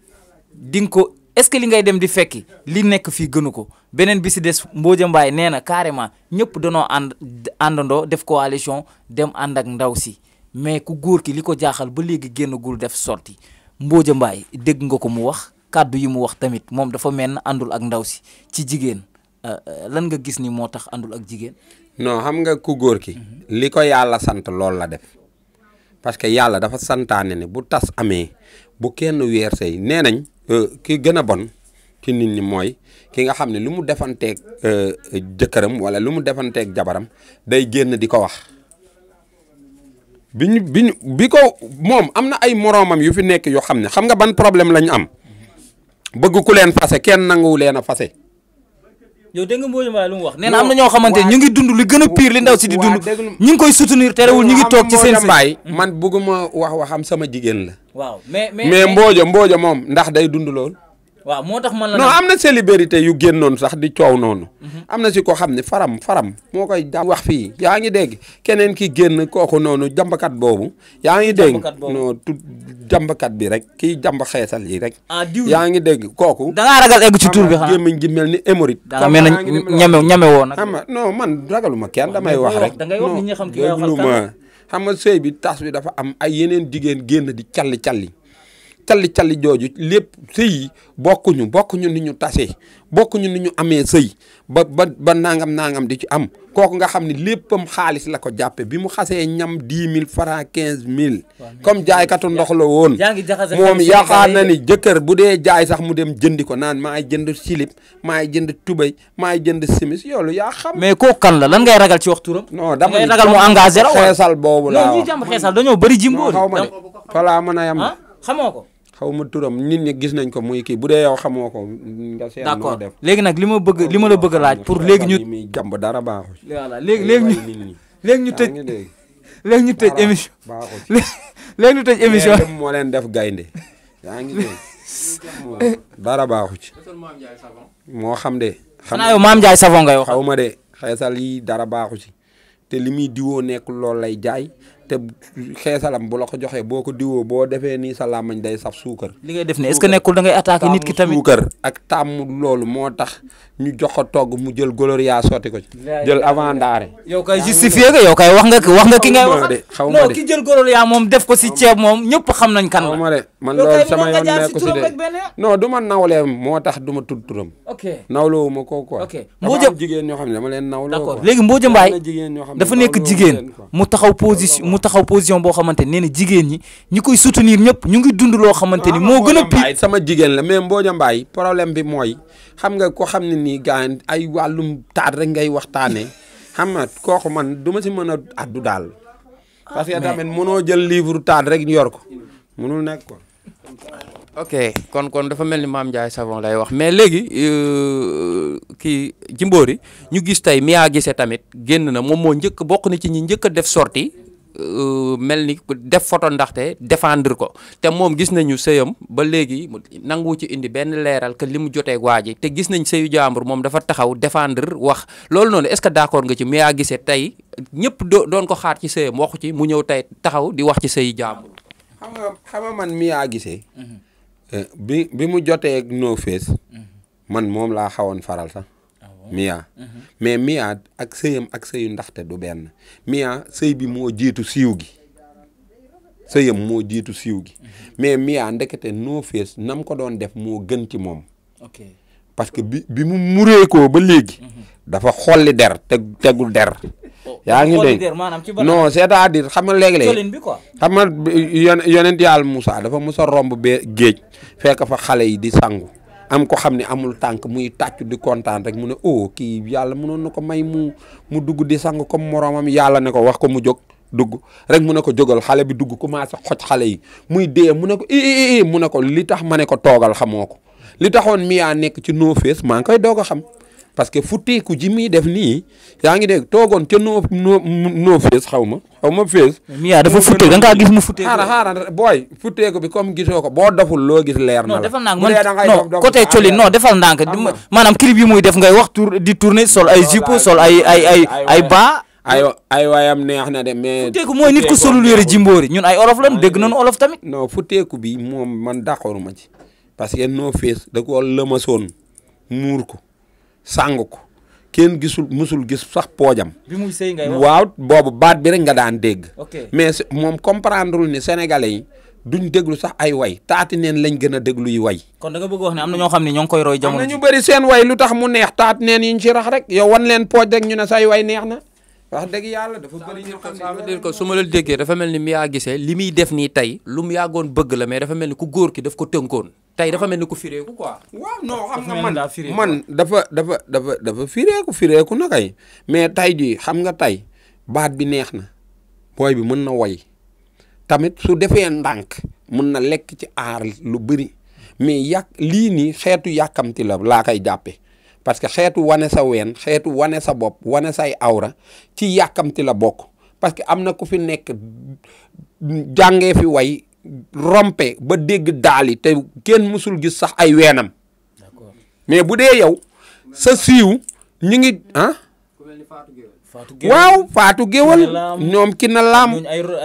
di ko est-ce que li ngay dem di fekki li nekk fii gënu ko beneen bi si des Mbodia Mbaye nee na carrément ñëpp danoo ànd àndandoo def ko coalition dem ànd ak ndaw si mais ku góor ki li ko jaaxal ba léegi génnagul def sorti Mbodia Mbaye dégg nga ko mu wax kàddu yi mu wax tamit moom dafa mel ne àndul ak ndaw si ci jigéen euh, euh, lan nga gis ni moo tax àndul ak jigéen. non xam nga ku góor ki. li ko yàlla sant loolu la def. parce que yàlla dafa santaane ne bu tas amee bu kenn weer say nee nañ euh, ki gën a bon ci nit ñi mooy ki nga xam ne lu mu defanteeg euh, jëkkëram wala lu mu defanteeg jabaram day génn di ko wax bi ñu bi ñu bi ko moom am na ay moroomam yu fi nekk yoo xam ne xam nga ban problème la ñu am bëgg ku leen fase kenn nanguwu leen a fase yow dégg nga Mbodj wax nee na am na ñoo xamante ñu ngi dund lu gën a pire li ndaw si di dund ñu ngi koy soutenir terewul ñu ngi toog ci seen baay man bëgguma wax waxam sama jigéen la waaw mais mais Mbodj Mbodj moom ndax day dund lool waaw moo tax man la. am na célébrité yu génn noonu sax di coow noonu. am na si ko xam ne faram faram moo koy daan wax fii yaa ngi dégg keneen ki génn kooku noonu jàmbakat boobu. yaa ngi dégg non tu jàmbakat bi rek kii jamba xeesal yi rek. ah diw yaa ngi dégg kooku. da ngaa ragal egg ci tur bi xanaa gémmiñ mel ni émorite. daa mel ni ñame ñame woon nag. xam non man ragaluma kenn damay wax rek. da ngay wax xam ki nga xam kan xam nga bi tas bi dafa am ay yeneen jigéen génn di calli calli calli-calli jooju lépp sëy bokkuñu bokkuñu ni ñu tase bokkuñu ni ñu amee sëy ba ba ba nangam nangam di ci am kooku nga xam ne léppam xaalis la ko jàppe bi mu xasee ñam dix mille francs quinze mille comme jaay katu ndox la woon moom yaakaar na ni jëkkër bu dee jaay sax mu dem jëndi ko naan maay jënd silip maay jënd tubay maay jënd simis yoolu yaa xam mais ko kan la lan ngay ragal ci wax turam non dama ngay ragal mu engagé la xeesal boobu laa dañoo bëri jimbo xaw ma de mën a yam ah, na ko xaw ma turam nit ñi gis nañ ko muy kii bu dee yow xamoo ko. nga seet d'accord léegi nag li ma bëgg li ma la bëgg a laaj pour léegi ñu. muy jàmb dara baaxul. voilà léegi léegi ñu léegi ñu tëj léegi ñu tëj émission baaxul léegi ñu tëj émission moo leen def gaynde yaa ngi dégg dara baaxu ci. moo xam de. xanaa yow Maam Ndiaye Savon ngay wax. xaw ma de xeesal yi dara baaxu ci te li muy diwoo nekk loolu lay jaay. te xeesalam bu la ko joxee boo ko diwoo boo defee nii sa làmmañ day saf suukar. li ngay def ne est-ce nekkul da ngay attaquer nit ki tamit suukar ak tàmm loolu moo tax ñu jox ko togg mu jël gloria sotti ko ci. jël avant ndaare. yow kay justifié nga yow kay wax nga wax nga ki ngay wax xaw ma de ki jël gloria moom def ko si ceeb moom ñëpp xam nañ kan la. ma de man loolu sama yoon nekku si de non du ma nawleem moo tax duma ma turam. ok nawloo ma ko quoi. ok Mbodia jigéen ñoo xam ne dama leen nawloo. d'accord léegi Mbodia Mbaye dafa nekk jigéen mu taxaw position mu taxaw position boo xamante ne nee jigéen ñi ñu koy soutenir ñëpp ñu ngi dund loo xamante ni ah, moo gën a pire. sama jigéen la mais Mbodia Mbaye problème bi mooy xam nga ko xam ne nii gaa ay wàllum taat rek ngay waxtaanee xam nga kooku man du ma si mën a addu daal. parce que ah, tamit mënoo jël livre taat rek yor ko mënul nekk ko. ok kon kon dafa mel ni maam Ndiaye Savon lay wax mais léegi euh, kii Jimbori ñu gis tey Mia Guissé tamit génn na moom moo njëkk bokk na ci ñu njëkk a def sortie euh, mel ni def photo ndaxte défendre ko te moom gis nañu sëyam ba léegi nangu ci indi benn leeral que li mu jotee waa ji te gis nañ sëyu jàmbur moom dafa taxaw défendre wax loolu noonu est-ce que d'accord nga ci Mia Guissé tey ñëpp doon ko xaar ci sëyam waxu ci mu ñëw tey taxaw di wax ci sëyu jàmbur. xam nga Eh, bi bi mu jotee ak No Face mm-hmm. man moom laa xawoon faral sax ah Mia mm-hmm. mais Mia ak sëyam ak sëyu ndaxte du benn Mia sëy bi moo jiitu siw gi sëyam moo jiitu siw gi mm-hmm. mais Mia ndekete No Face nam ko doon def moo gën ci moom parce que bi mu muréekoo ba léegi dafa xolli der teg tegul der. Oh, yaa ngi dégg no c'est-à-dire xam nga léegi-léegi xam nga yonent yàlla musa dafa mos a romb géej fekk fa xale yi di sangu am ko xam ni amul tànk muy tàcc di kontaan rek mu ne oh kii yàlla mënoon na ko may mu mu dugg di sang comme moroomam yàlla ne ko wax ko mu jog dugg rek mu ne ko jogal xale bi dugg commencé xoj xale yi muy dee mu ne ko i mu ne ko li tax ma ne ko toogal xamoo ko li taxoon miyaa nekk ci no maa ngi koy xam parce que futteeku ji muy def nii yaa ngi dégg toogoon ca noo noo noo fees xaw ma xaw ma fees. Mia dafa futteeku da ngaa gis mu futteeku. xaaral xaaral bi comme gisoo ko boo doful loo gis leer na la. non defal ndànk man non côté colline non defal ndànk maanaam clip yi muy def ngay wax tour di tourner sol ay jupe sol ay ay ay ay bas. waayam neex na de mais. futteeku mooy nit ku solul yére jimboori ñun ay olof dégg nañu olof tamit. non futteeku bi moom man d'accord ma ci parce que noo fees da koo lëmasoon muur ko. sàng ko kenn gisul musul gis sax poojam. bi muy sëy ngay wax waaw boobu baat bi rek nga daan dégg. mais moom comprendrewul ni sénégalais yi duñ déglu sax ay way taati neen lañ gën a déglu yi way. kon da bëgg wax ne am na xam ne ñoo ngi koy roy jamono. am na ñu bëri seen way lu tax mu neex taati neen yuñ ci rax rek yow wan leen pooj rek ñu ne say way neex na. wax dëgg yàlla dafa bëri ñoo xam ne ko su ma la déggee dafa mel ni Mia Guissé li muy def nii tey lu mu yàggoon bëgg la mais dafa mel ni ku góor ki daf ko tënkoon tey dafa mel ni ku firéeku quoi. waaw non xam nga man man dafa dafa dafa dafa firéeku na kay mais tey jii xam nga tey baat bi neex na booy bi mën na woy tamit su defee ndànk mën na lekk ci aar lu bëri mais yàq lii nii xeetu yàkkamti la laa koy jàppe parce que xeetu wane sa ween xeetu wane sa bopp wane say awra ci yàkkamti la bokk parce que am na ku fi nekk jàngee fi way rompe ba dégg daali te kenn musul gis sax ay weenam mais bu dee yow sa siw ñu ngi ah waaw faatu géwal ñoom ki na laam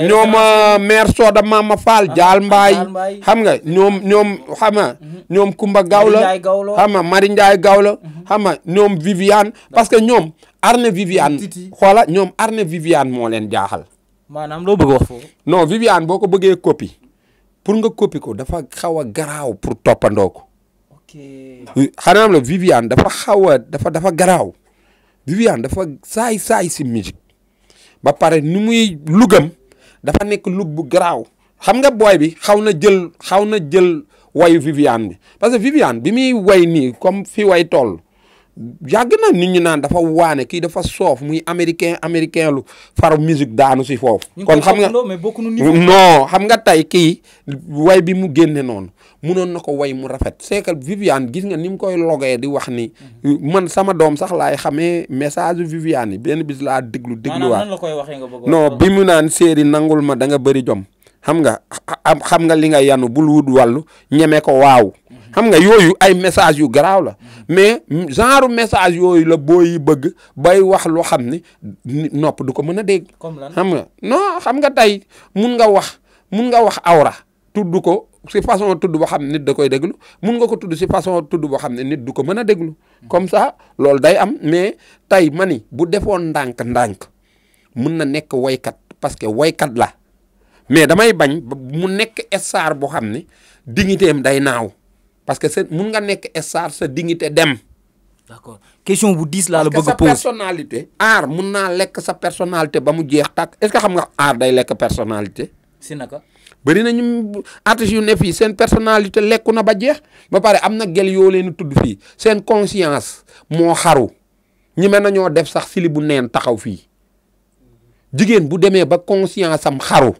ñoom euh, maire sooda mama fall ah, jaal mbaay xam nga ñoom ñoom xam nga mhm. ñoom kumba gawla xam mari njaay gawla mhm. xam ñoom viviane parce que ñoom arne viviane xoola ñoom ar viviane moo leen jaaxal maanaam loo bëgg wax foofu bëggee copie pour nga copie ko dafa xaw a garaaw pour toppandoo ko. ok xanaa la Viviane dafa xaw a dafa dafa garaaw Viviane dafa saay saay si musique ba pare ni muy lugam dafa nekk lug bu garaaw xam nga booy bi xaw na jël xaw na jël way Viviane bi parce que Viviane bi muy way nii comme fi way toll. yàgg na nit ñi naan dafa waane kii dafa soof muy américain américain lu far musique daanu si foofu. kon xam nga non xam nga tey kii way bi mu génne noonu munoon na ko way mu rafet c'est que Viviane gis nga ni mu koy logee di wax ni man sama doom sax laay xamee message Viviane yi benn bis laa déglu. dégluwaat maanaam nan koy waxee nga bëgg non bi mu naan séeri nangul ma da nga bëri jom. xam nga xam nga li nga yanu bul wut wàllu ñeme ko waaw xam nga yooyu ay message yu garaaw la mais genre message yooyu la booy bëgg bay wax loo xam ni nopp du ko mën a dégg. xam nga non xam nga tey mun nga wax mun nga wax awra tudd ko si façon tudd boo xam ne nit da koy déglu mun nga ko tudd si façon tudd boo xam ne nit du ko mën a déglu. comme ça loolu day am mais tey ma ni bu defoon ndànk-ndànk mun na nekk woykat parce que woykat la. mais damay bañ mu nekk star boo xam ne dignité day naaw parce que mun nga nekk star sa dignité dem. d'accord question bu diis laa la bëgg a aar mun naa lekk sa personnalité ba mu jeex takk est que xam nga aar day lekk personnalité. si naka. bëri na ñu artistes fii seen personnalité lekku na ba jeex ba pare am na gel yoo leen tudd fii seen conscience moo xaru ñi na ñoo def sax sili bu neen taxaw fii jigéen bu demee ba conscience sam xaru.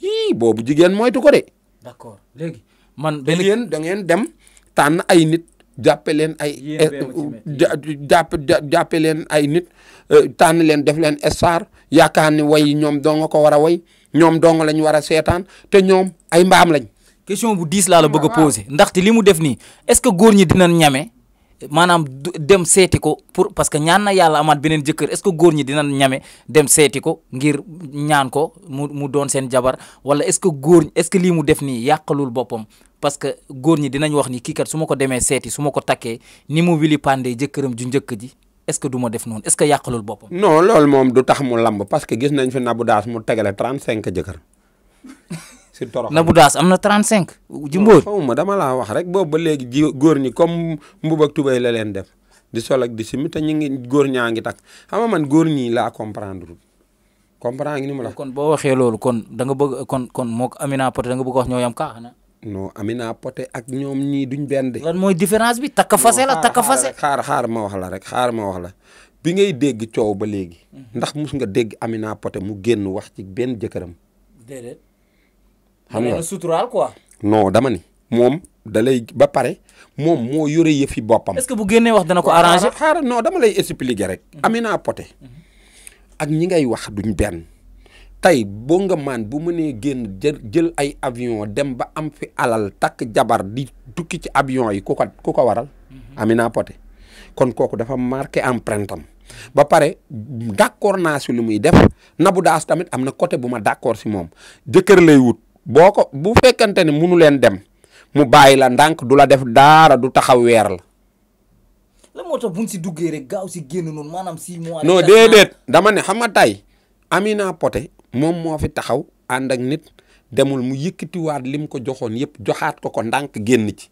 yii boobu jigéen moytu ko de. d'accord léegi man. da ngeen da ngeen dem tànn ay nit jàppe leen ay. Eh, jàpp jàppe leen ay nit eh, tànn leen def leen star yaakaar ni way ñoom doo ko war a way ñoom doo nga lañ war a seetaan te ñoom ay mbaam lañ. question bu diis laa la bëgg a ah, poser ndaxte li mu def nii est-ce que góor ñi dinañ ñame. maanaam dem seeti ko pour parce que ñaan na yàlla amaat beneen jëkkër est-ce ñi dinañ ñame dem seeti ko ngir ñaan ko mu mu doon seen jabar wala est-ce que góor est-ce que lii mu def nii yàqalul boppam parce que góor ñi dinañ wax ni kii kat su ma ko demee seeti su ma ko takkee ni mu wili pandee jëkkëram ju njëkk ji est-ce que du def noonu est-ce que yàqalul boppam. non loolu moom du tax mu lamb parce que gis nañ fi Nabou Dash mu tegale 35 jëkkër. si torox Nabou Daas am na cinq Jimbóor xaw ma dama laa wax rek boobu ba léegi ji góor ñi comme mbub ak tubéy la leen def di sol ak di simi te ñu ngi góor ñaa ngi takk xam man góor ñii laa comprendre comprendre ngi ni mu la. kon boo waxee loolu kon da nga bëgg kon kon moog Amina Poté da nga bëgg wax ñoo yam kaa xanaa. non Amina Poté ak ñoom ñii duñ benn de. mooy différence bi takka fase la takka fase. xaar xaar ma wax la rek xaar ma wax la bi ngay dégg coow ba léegi. Mm-hmm. ndax mus nga dégg Amina Poté mu génn wax ci benn jëkkëram. xam nga suturaal quoi. dama ni moom da ba pare moom moo yore yëfi boppam. est que bu génnee wax dana ko arranger. xaaral non dama lay expliquer rek. Mhm. naa Poté ak ñi ngay wax duñ benn. tey boo nga maan bu nee génn jël jël ay avion dem ba am fi alal takk jabar di tukki ci avion yi ku ko ko waral mhm. ami naa Poté kon kooku dafa marqué empreinte am ba pare d'accord naa si lu muy def Nabou Daas tamit am na côté bu ma d'accord si moom jëkkër lay wut boo ko bu fekkante ni munu leen dem mu bàyyi la ndànk du la def daara du taxaw weer la. lan moo tax bu si duggee rek gaaw si génn noonu maanaam six mois. non déedéet dama ne xam nga tey Amina Poté moom moo fi taxaw ànd ak nit demul mu yëkkatiwaat lim ko joxoon yëpp joxaat ko ko ndànk génn ci.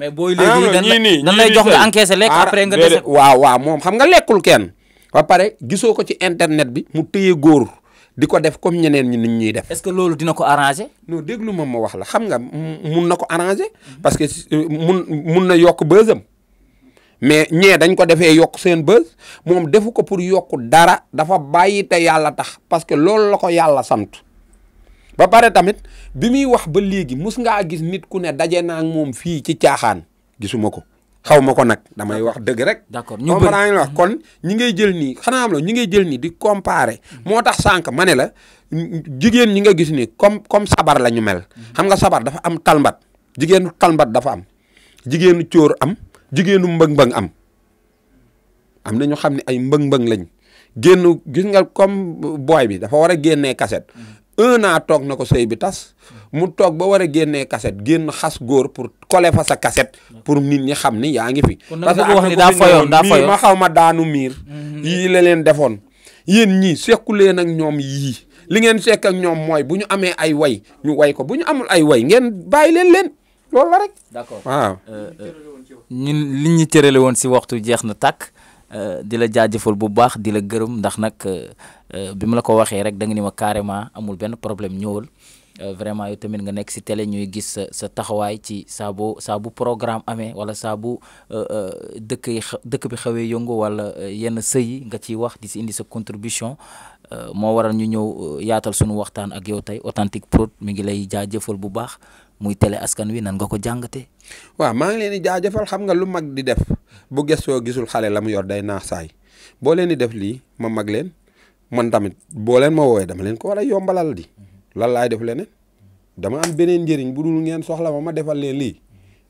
mais booy léegi ah, dañ lay jox nga encaissé ah, après nga dese. waaw waaw moom xam nga lekkul kenn ba pare gisoo ko ci internet bi mu téye góor. di ko def comme ñeneen ñi nit ñuy def. est-ce que loolu dina ko arranger. non déglu ma ma wax la xam nga mun na ko arranger. parce que euh, mun mun na yokk bësam. mais ñee dañ ko defee yokk seen bës moom defu ko pour yokk dara dafa bàyyi te yàlla tax parce que loolu la ko yàlla sant ba pare tamit bi muy wax ba léegi mus ngaa gis nit ku ne daje naa moom fii ci caaxaan gisuma ko xaw ma ko nag damay wax dëgg rek. d'accord ñu bëri wax kon ñi ngay jël nii xanaa am la ñi ngay jël nii di comparer. Hmm. moo tax sànq ma ne la jigéen ñi nga gis ni comme comme sabar la ñu mel. Hmm. xam nga sabar dafa am talmbat jigéenu talmbat dafa am jigéenu cóor am jigéenu mbëng-mbëng am am na ñu xam ne ay mbëng-mbëng lañ génn gis nga comme booy bi dafa war a génnee kaset un toog na ko sëy bi tas mu toog ba war a génnee kaset génn xas góor pour coller fa sa kaset pour nit ñi xam ni yaa ngi fi. parce que wax ni daa fayoon daa fayoon ma xaw ma daanu miir. Mm-hmm. yii la leen defoon yéen ñii sekku leen ak ñoom yii. li ngeen sekk ak ñoom mooy bu ñu amee ay way ñu way ko bu ñu amul ay way ngeen bàyyi leen leen loolu la rek. d'accord waaw. Euh, euh, ñun li ñu cërale woon si waxtu jeex na takk Euh, di la jaajëfal bu baax di la gërëm ndax nag euh, euh, bi mu la ko waxee rek da nga ni ma carrément amul benn problème ñëwal vraiment yow tamit nga nekk si télé ñuy gis sa sa taxawaay ci saa bu saa bu programme amee wala saa bu dëkk dëkk bi xawee yëngu wala yenn sëy yi nga ciy wax di si indi sa contribution moo waral ñu ñëw yaatal sunu waxtaan ak yow tey authentique prod mi ngi lay jaajëfal bu baax muy télé askan wi nan nga ko jàngatee. waaw maa ngi leen di jaajëfal xam nga lu mag di def bu gëstoo gisul xale la mu yor day naax saay boo leen di def lii ma mag leen man tamit boo leen ma woowee dama leen ko war a yombalal di lan laay def leen dama am beneen njëriñ bu dul ngeen soxla ma ma defal leen lii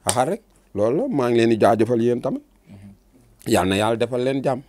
axar rek loolu la maa ngi leen di jaajëfal yéen tamit mhm. yal na yàlla defal leen jàmm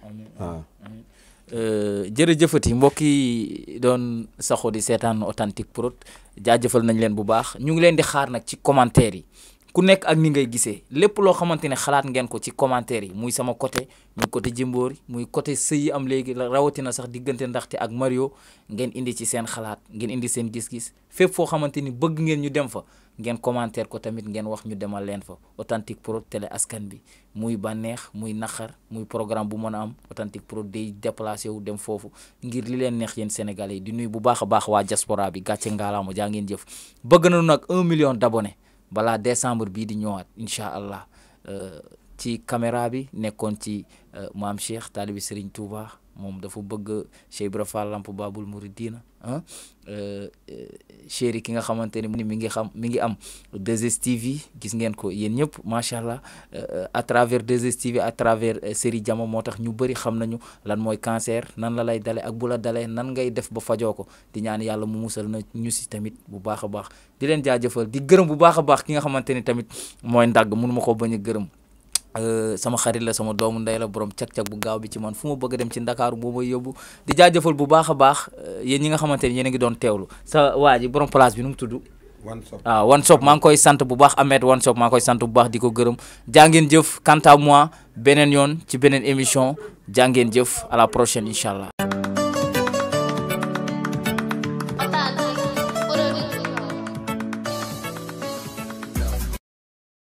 Euh, jërëjëfati mbokk yi doon saxoo di seetaan authentique prod jaajëfal nañ leen bu baax ñu ngi leen di xaar nag ci commentaire yi ku nekk ak ni ngay gisee lépp loo xamante ne xalaat ngeen ko ci commentaire yi muy sama côté muy côté yi muy côté sëy yi am léegi rawatina sax diggante ndaxte ak Mario ngeen indi ci seen xalaat ngeen indi seen gis-gis fépp foo xamante ni bëgg ngeen ñu dem fa ngeen commentaire ko tamit ngeen wax ñu demal leen fa authentique pro télé askan bi muy bànneex muy naqar muy programme bu mën a am authentique pro day déplacé wu dem foofu ngir li leen neex yéen sénégal yi di nuy bu baax a baax waa diaspora bi gàcce ngaalaama jaa ngeen jëf bëgg nañu nag un million d'abonnés balaa décembre bii di ñëwaat incha allah euh, ci caméra bi nekkoon ci euh, maam Cheikh taalibi Serigne Touba moom dafa bëgg Cheikh Ibra Fall Lamp Babul Mouridina ah euh, euh, chéri ki nga xamante ni mi ngi xam mi ngi am 2STV gis ngeen ko yéen ñëpp macha allah euh, à travers des stv à travers série Jama moo tax ñu bëri xam nañu lan mooy cancer nan la lay dale ak bu la dalee nan ngay def ba fajoo ko di ñaan yàlla mu musal na ñu si tamit bu baax a baax di leen jaajëfal di gërëm bu baax a baax ki nga xamante ni tamit mooy ndàgg munuma ko bañ a gërëm. Euh, sama xarit la sama doomu ndey la borom cag-cag bu gaaw bi ci man fu ma bëgg dem ci ndakaaru boo may yóbbu di jaajëfal bu baax a baax euh, yéen ñi nga xamante ni yéen a ngi doon teewlu sa waa ji borom place bi nu mu tudd waaw ah, One Shop maa ngi koy sant bu baax Ahmed One Shop maa koy sant bu baax di ko gërëm jàngeen jëf quant mois beneen yoon ci beneen émission jàngeen jëf a la prochaine incha allah